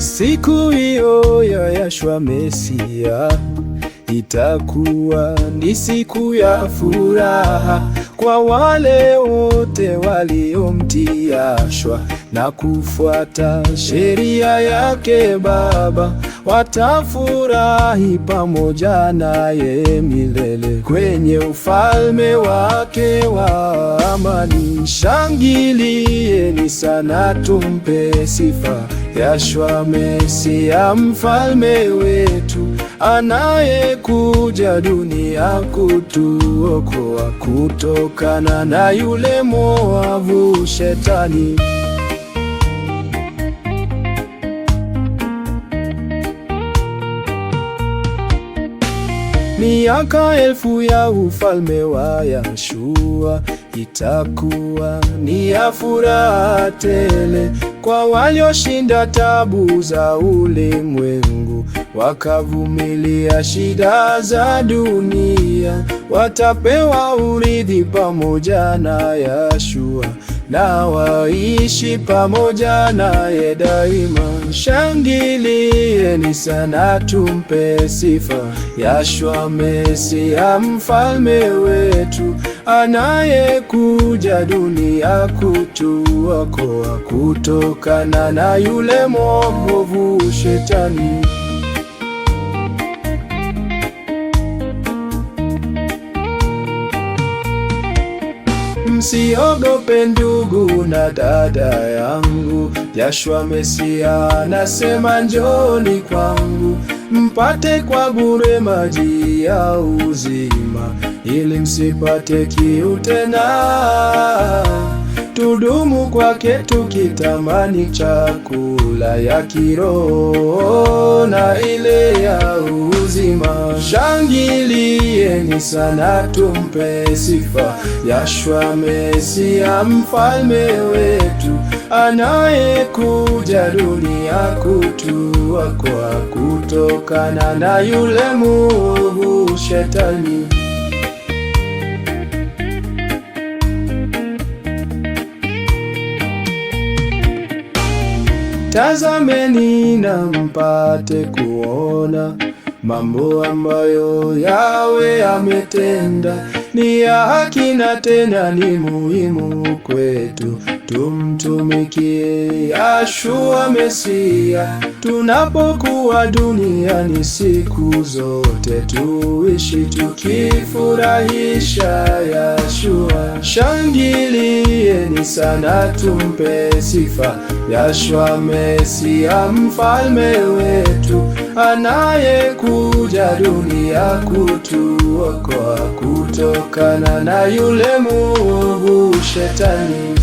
Siku hiyo ya Yashua Mesia itakuwa ni siku ya furaha kwa wale wote waliomtia shwa na kufuata sheria yake Baba, watafurahi pamoja naye milele kwenye ufalme wake wa amani. Shangilia ni sana tumpe sifa Yashua Mesia, mfalme wetu, anayekuja dunia kutuokoa kutokana na yule mwovu Shetani. miaka elfu ya ufalme wa Yahshua itakuwa ni ya furaha tele kwa walioshinda tabu za ulimwengu, wakavumilia shida za dunia, watapewa urithi pamoja na Yahshua na waishi pamoja naye daima. Shangilia! Ombeni sana tumpe sifa mesi Mesia, mfalme wetu, anayekuja dunia kutuokoa kutokana na yule mwovu shetani. Msiogope ndugu na dada yangu, Yashua Mesia anasema njoni kwangu, mpate kwa bure maji ya uzima, ili msipate kiu tena tudumu kwake tukitamani chakula ya kiroho na ile ya uzima. Shangilieni sana, tumpe sifa Yashua Mesia, mfalme wetu anayekuja dunia kutua kwa kutokana na yule muovu shetani. Tazameni na mpate kuona mambo ambayo Yawe ametenda ni ya haki na tena ni muhimu kwetu tumtumikie Yahshua Mesia tunapokuwa duniani siku zote, tuishi tukifurahisha Yahshua. Shangilieni sana, tumpe sifa Yahshua Mesia, mfalme wetu anayeku cha dunia kutuokoa kutokana na yule muovu shetani.